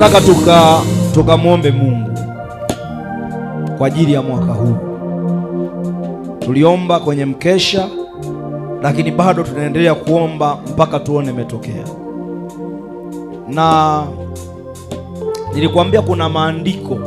Nataka tuka tukamwombe Mungu kwa ajili ya mwaka huu. Tuliomba kwenye mkesha, lakini bado tunaendelea kuomba mpaka tuone imetokea. Na nilikuambia kuna maandiko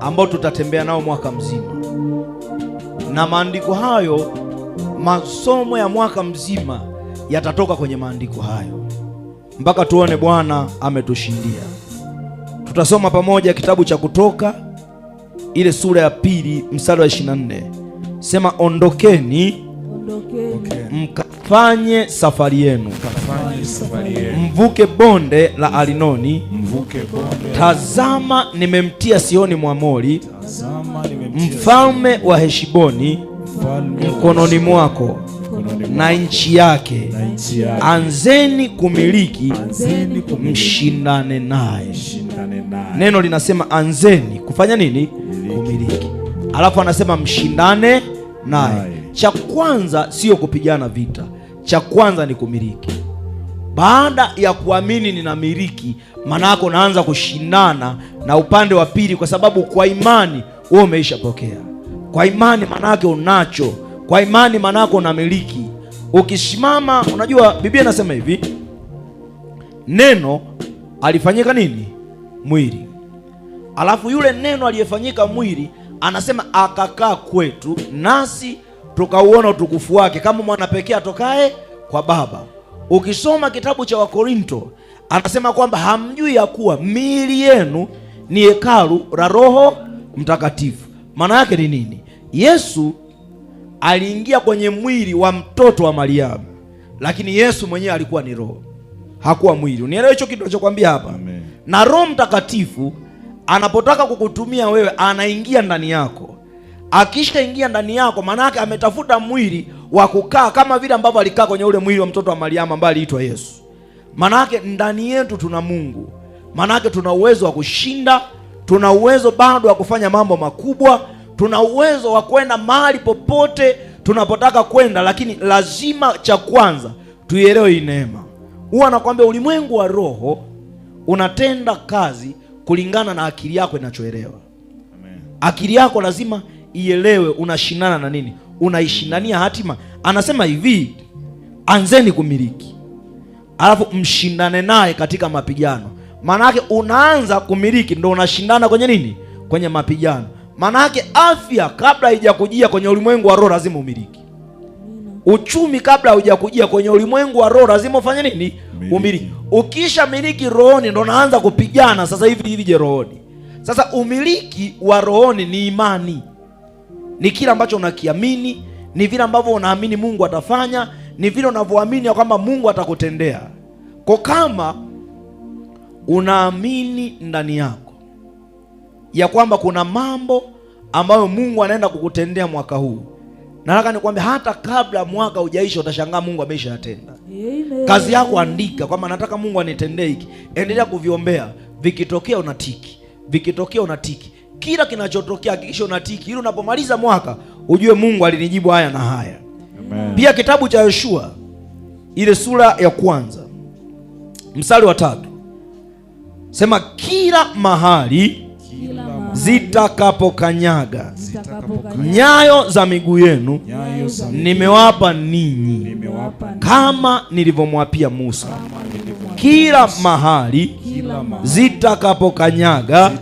ambayo tutatembea nao mwaka mzima, na maandiko hayo, masomo ya mwaka mzima yatatoka kwenye maandiko hayo mpaka tuone Bwana ametushindia. Tutasoma pamoja kitabu cha Kutoka ile sura ya pili mstari wa 24. Sema ondokeni, ondokeni. Okay. Mkafanye safari yenu, mvuke bonde la Arinoni, mvuke bonde. Tazama nimemtia Sioni Mwamori, mfalme wa Heshiboni mkononi mwako na nchi yake, Anzeni kumiliki, anzeni kumiliki, mshindane naye neno linasema anzeni kufanya nini? Kumiliki. Alafu anasema mshindane naye. Cha kwanza sio kupigana vita, cha kwanza ni kumiliki. Baada ya kuamini ninamiliki, maana yako naanza kushindana na upande wa pili, kwa sababu kwa imani wewe umeishapokea. Kwa imani maana yake unacho, kwa imani maana yako unamiliki. Ukisimama, unajua Biblia inasema hivi, neno alifanyika nini? Mwili. Alafu yule neno aliyefanyika mwili anasema akakaa kwetu, nasi tukauona utukufu wake kama mwana pekee atokaye kwa Baba. Ukisoma kitabu cha Wakorinto anasema kwamba hamjui ya kuwa miili yenu ni hekalu la Roho Mtakatifu. Maana yake ni nini? Yesu aliingia kwenye mwili wa mtoto wa Mariamu, lakini Yesu mwenyewe alikuwa ni roho, hakuwa mwili. unielewa hicho kitu nachokwambia hapa. Amen. Na Roho Mtakatifu anapotaka kukutumia wewe anaingia ndani yako. Akishaingia ndani yako, maana yake ametafuta mwili wa kukaa kama vile ambavyo alikaa kwenye ule mwili wa mtoto wa Mariamu ambaye aliitwa Yesu. Maana yake ndani yetu tuna Mungu, maana yake tuna uwezo wa kushinda, tuna uwezo bado wa kufanya mambo makubwa, tuna uwezo wa kwenda mahali popote tunapotaka kwenda, lakini lazima cha kwanza tuielewe hii neema. Huwa anakwambia ulimwengu wa roho unatenda kazi kulingana na akili yako inachoelewa. Akili yako lazima ielewe unashindana na nini, unaishindania hatima. Anasema hivi, anzeni kumiliki alafu mshindane naye katika mapigano. Maana yake unaanza kumiliki ndo unashindana kwenye nini, kwenye mapigano. Maana yake afya kabla haijakujia kwenye ulimwengu wa roho lazima umiliki. Uchumi kabla hujakujia kwenye ulimwengu wa roho lazima ufanye nini? Umiliki. Ukisha miliki rohoni ndo naanza kupigana sasa hivi hivi je rohoni. Sasa umiliki wa rohoni ni imani, ni kile ambacho unakiamini, ni vile ambavyo unaamini Mungu atafanya, ni vile unavyoamini ya kwamba Mungu atakutendea. Kwa kama unaamini ndani yako ya kwamba kuna mambo ambayo Mungu anaenda kukutendea mwaka huu Nataka nikwambia hata kabla mwaka ujaisha utashangaa Mungu yatenda Kazi yako andika kwamba nataka Mungu anitendee hiki. Endelea kuviombea, vikitokea unatiki, vikitokea unatiki, kila kinachotokea hakikisha unatiki, ili unapomaliza mwaka ujue Mungu alinijibu haya na haya. Amen. Pia kitabu cha Yoshua ile sura ya kwanza mstari wa tatu sema kila mahali, kila mahali zitakapokanyaga nyayo za miguu yenu nimewapa ninyi kama nilivyomwapia Musa kila mahali zitakapokanyaga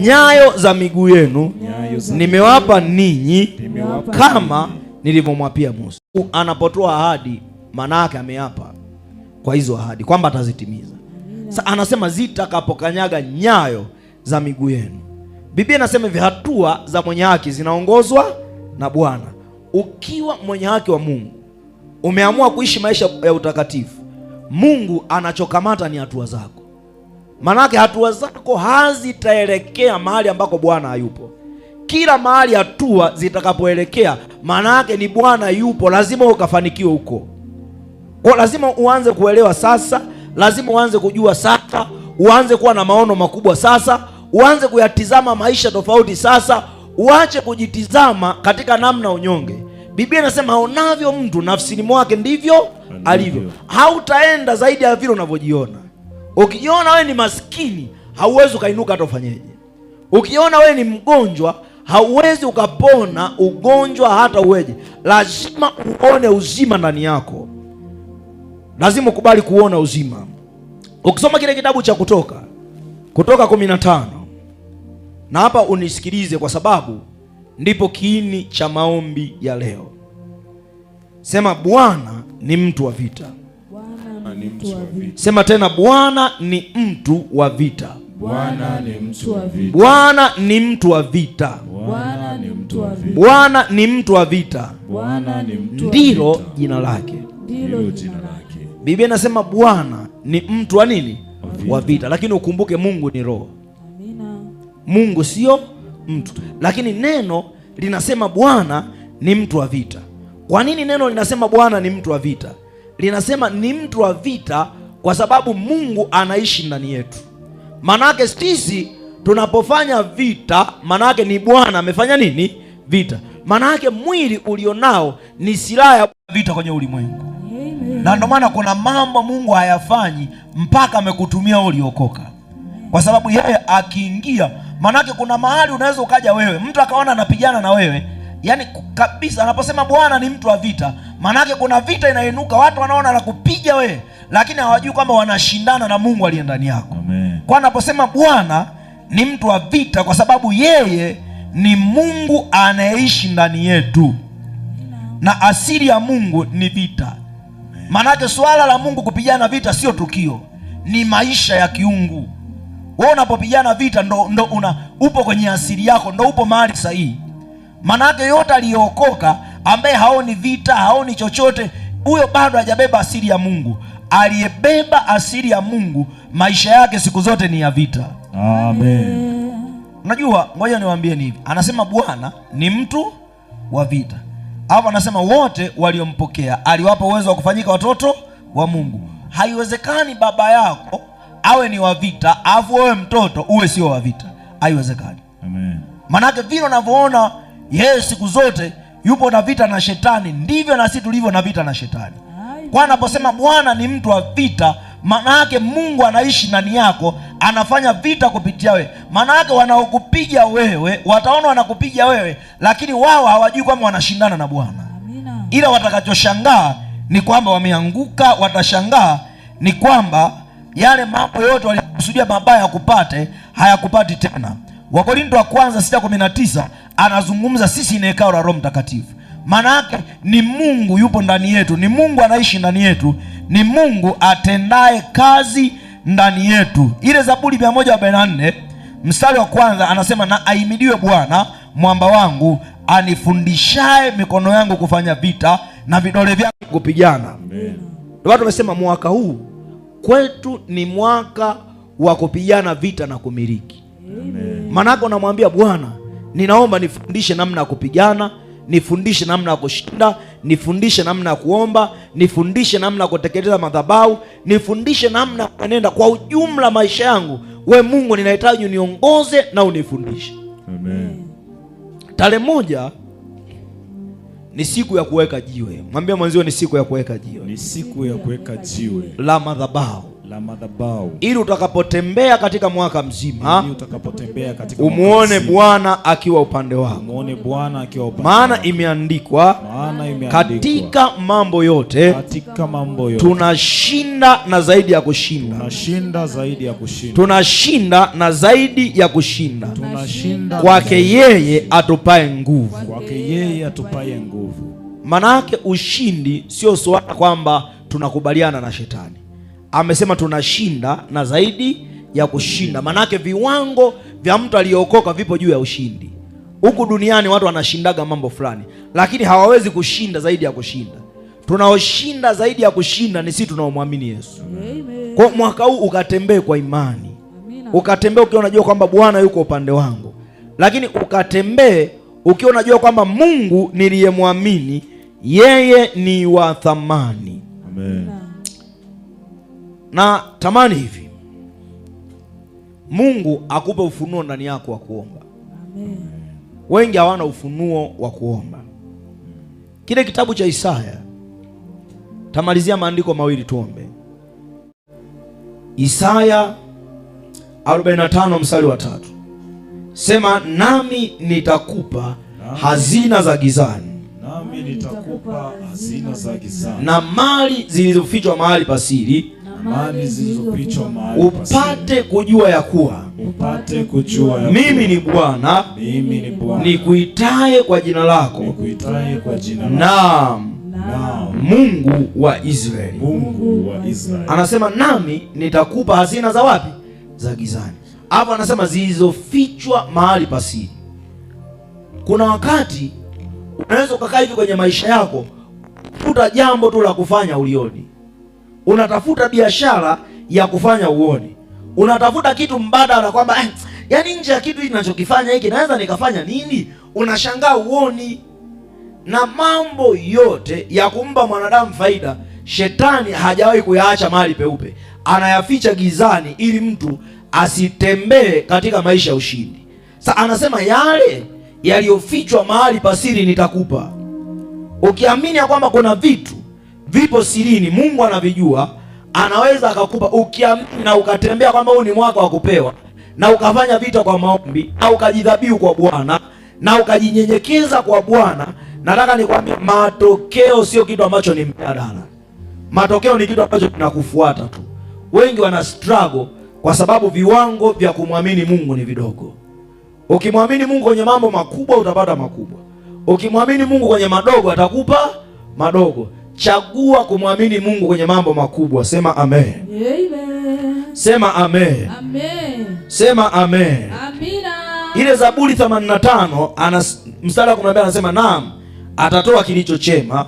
nyayo za miguu yenu nimewapa ninyi kama nilivyomwapia Musa. Anapotoa ahadi, maana yake ameapa kwa hizo ahadi kwamba atazitimiza. anasema zitakapokanyaga nyayo za miguu yenu Biblia inasema hivi, hatua za mwenye haki zinaongozwa na Bwana. Ukiwa mwenye haki wa Mungu, umeamua kuishi maisha ya utakatifu, Mungu anachokamata ni hatua zako, maanake hatua zako hazitaelekea mahali ambako Bwana hayupo. Kila mahali hatua zitakapoelekea, maanake ni Bwana yupo, lazima ukafanikiwe huko. Kwa lazima uanze kuelewa sasa, lazima uanze kujua sasa, uanze kuwa na maono makubwa sasa uanze kuyatizama maisha tofauti. Sasa uache kujitizama katika namna unyonge. Biblia inasema aonavyo mtu nafsini mwake ndivyo alivyo. Hautaenda zaidi ya vile unavyojiona. Ukijiona wewe ni maskini, hauwezi ukainuka, hata ufanyeje. Ukiona wewe ni mgonjwa, hauwezi ukapona ugonjwa hata uweje. Lazima uone uzima ndani yako, lazima ukubali kuona uzima. Ukisoma kile kitabu cha Kutoka, Kutoka kumi na tano na hapa unisikilize, kwa sababu ndipo kiini cha maombi ya leo. Sema, Bwana ni mtu wa vita. Bwana ni mtu wa vita. Sema tena, Bwana ni mtu wa vita. Bwana ni mtu wa vita. Bwana ni mtu wa vita. Bwana ni mtu wa vita. Ndilo jina lake. Biblia inasema Bwana ni mtu wa nini? Wa vita. Lakini ukumbuke Mungu ni roho Mungu sio mtu, lakini neno linasema Bwana ni mtu wa vita. Kwa nini neno linasema Bwana ni mtu wa vita? Linasema ni mtu wa vita kwa sababu Mungu anaishi ndani yetu. Manake sisi tunapofanya vita, manake ni Bwana amefanya nini? Vita. Manake mwili ulionao ni silaha ya vita kwenye ulimwengu na ndio maana kuna mambo Mungu hayafanyi mpaka amekutumia uliokoka, kwa sababu yeye akiingia Manake kuna mahali unaweza ukaja wewe, mtu akaona anapigana na wewe yani kabisa. Anaposema Bwana ni mtu wa vita, manake kuna vita inainuka, watu wanaona na kupiga wewe, lakini hawajui kwamba wanashindana na Mungu aliye ndani yako. Kwa anaposema Bwana ni mtu wa vita, kwa sababu yeye ni Mungu anayeishi ndani yetu, na asili ya Mungu ni vita. Manake swala la Mungu kupigana vita sio tukio, ni maisha ya kiungu. Wewe unapopigana vita ndo, ndo una, upo kwenye asili yako, ndo upo mahali sahihi. Manake yote aliyookoka ambaye haoni vita haoni chochote, huyo bado hajabeba asili ya Mungu. Aliyebeba asili ya Mungu maisha yake siku zote ni ya vita. Amen. Unajua, ngoja niwaambie ni hivi, anasema Bwana ni mtu wa vita. Hapo anasema wote waliompokea aliwapa uwezo wa kufanyika watoto wa Mungu. Haiwezekani baba yako awe ni wavita afu alafu wewe mtoto uwe sio wavita haiwezekani. Amen. Manake vile unavyoona yeye siku zote yupo na vita na shetani, ndivyo na sisi tulivyo na vita na shetani. Kwa anaposema Bwana ni mtu wa vita, maana yake Mungu anaishi ndani yako, anafanya vita kupitia wewe. Maana yake wanaokupiga wewe wataona wanakupiga wewe, lakini wao hawajui kwamba wanashindana na Bwana, ila watakachoshangaa ni kwamba wameanguka, watashangaa ni kwamba yale mambo yote walikusudia mabaya yakupate hayakupati tena. Wakorinto wa kwanza tisa anazungumza sisi ni hekalu la Roho Mtakatifu. Maana yake ni Mungu yupo ndani yetu, ni Mungu anaishi ndani yetu, ni Mungu atendaye kazi ndani yetu. Ile Zaburi nne mstari wa kwanza anasema, na aimidiwe Bwana mwamba wangu, anifundishaye mikono yangu kufanya vita na vidole vyangu kupigana. watu wamesema mwaka huu kwetu ni mwaka wa kupigana vita na kumiliki. Maanake unamwambia Bwana, ninaomba nifundishe namna ya kupigana, nifundishe namna ya kushinda, nifundishe namna ya kuomba, nifundishe namna ya kutekeleza madhabahu, nifundishe namna ya kuenenda kwa ujumla maisha yangu. We Mungu, ninahitaji uniongoze na unifundishe. Amen. Tarehe moja ni siku ya kuweka jiwe. Mwambie mwenzio ni siku ya kuweka jiwe. Ni siku ya kuweka jiwe la madhabahu ili utakapotembea katika mwaka mzima umuone Bwana akiwa upande wako, maana imeandikwa katika mambo yote, tunashinda na zaidi ya kushinda, tunashinda na zaidi ya kushinda, kwake yeye atupae nguvu, kwake ushindi sio swala kwamba tunakubaliana na shetani amesema tunashinda na zaidi ya kushinda. Maanake viwango vya mtu aliyookoka vipo juu ya ushindi. Huku duniani watu wanashindaga mambo fulani, lakini hawawezi kushinda zaidi ya kushinda. Tunaoshinda zaidi ya kushinda ni sisi tunaomwamini Yesu. Kwa mwaka huu ukatembee kwa imani, ukatembee ukiwa unajua kwamba Bwana yuko upande wangu, lakini ukatembee ukiwa unajua kwamba Mungu niliyemwamini yeye ni wa thamani. Amen na tamani hivi Mungu akupe ufunuo ndani yako wa kuomba. Amen. Wengi hawana ufunuo wa kuomba. Kile kitabu cha Isaya, tamalizia maandiko mawili tuombe. Isaya 45 mstari wa tatu, sema nami nitakupa hazina za gizani nami nitakupa hazina za gizani na mali zilizofichwa mahali pasiri amani zilizofichwa mahali upate kujua ya kuwa upate kujua ya mimi ni Bwana mimi ni Bwana nikuitaye kwa jina lako nikuitaye kwa jina lako naam na Mungu wa Israeli. Mungu wa Israeli anasema nami nitakupa hazina za wapi? Za gizani. Hapo anasema zilizofichwa mahali pasiri. Kuna wakati unaweza ukakaa hivi kwenye maisha yako kuta jambo tu la kufanya ulioni unatafuta biashara ya kufanya uone, unatafuta kitu mbadala kwamba eh, yani nje ya kitu ninachokifanya hiki naweza nikafanya nini? Unashangaa uoni. Na mambo yote ya kumpa mwanadamu faida, shetani hajawahi kuyaacha mahali peupe, anayaficha gizani ili mtu asitembee katika maisha ya ushindi. Sa anasema yale yaliyofichwa mahali pasiri nitakupa, ukiamini ya kwamba kuna vitu vipo sirini, Mungu anavijua, anaweza akakupa ukiamini na ukatembea kwamba huu ni mwaka wa kupewa, na ukafanya vita kwa maombi na ukajidhabihu kwa Bwana na ukajinyenyekeza kwa Bwana. Nataka nikwambie, matokeo sio kitu ambacho ni mjadala. Matokeo ni kitu ambacho kinakufuata tu. Wengi wana struggle kwa sababu viwango vya kumwamini Mungu ni vidogo. Ukimwamini Mungu kwenye mambo makubwa utapata makubwa, ukimwamini Mungu kwenye madogo atakupa madogo. Chagua kumwamini Mungu kwenye mambo makubwa. Sema amen. Amen. Sema amen. Amen. Sema amen. Amina. Ile Zaburi 85 mstari wa 12 anasema naam, atatoa kilicho chema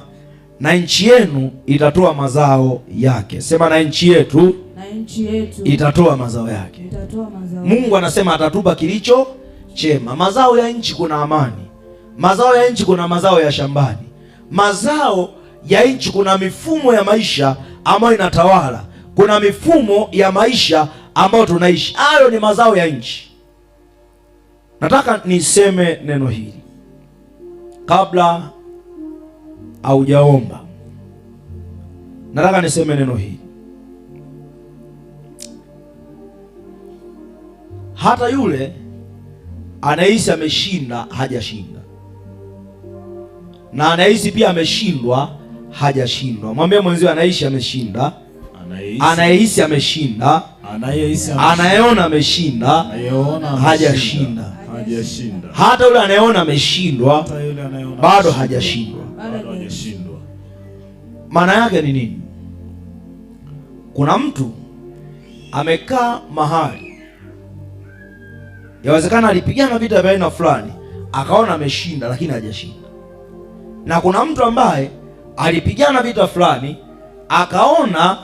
na nchi yenu itatoa mazao yake. Sema na nchi yetu, na nchi yetu itatoa mazao yake. Itatoa mazao. Mungu anasema atatupa kilicho chema. Mazao ya nchi kuna amani, mazao ya nchi kuna mazao ya shambani, mazao ya nchi kuna mifumo ya maisha ambayo inatawala, kuna mifumo ya maisha ambayo tunaishi. Hayo ni mazao ya nchi. Nataka niseme neno hili kabla haujaomba, nataka niseme neno hili. Hata yule anahisi ameshinda hajashinda, na anahisi pia ameshindwa hajashindwa. Mwambie mwenzio anaishi ameshinda, anayehisi ameshinda, anayeona ameshinda, hajashinda. Hata yule anayeona ameshindwa bado hajashindwa. Maana yake ni nini? Kuna mtu amekaa mahali, yawezekana alipigana vita vya aina fulani, akaona ameshinda, lakini hajashinda. Na kuna mtu ambaye alipigana vita fulani, akaona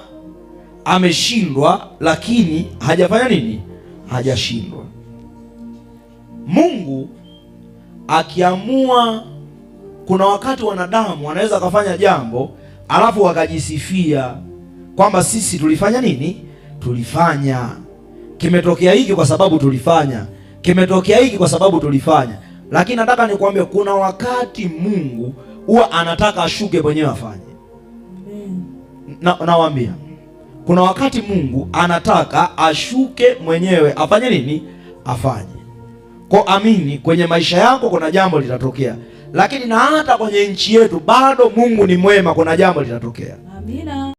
ameshindwa, lakini hajafanya nini? Hajashindwa. Mungu akiamua, kuna wakati wanadamu wanaweza akafanya jambo alafu wakajisifia kwamba sisi tulifanya nini? Tulifanya kimetokea hiki kwa sababu tulifanya, kimetokea hiki kwa sababu tulifanya. Lakini nataka nikwambie kuna wakati Mungu huwa anataka ashuke mwenyewe afanye. Na nawaambia kuna wakati Mungu anataka ashuke mwenyewe afanye nini? Afanye. Kwa amini, kwenye maisha yako kuna jambo litatokea, lakini na hata kwenye nchi yetu bado Mungu ni mwema, kuna jambo litatokea. Amina.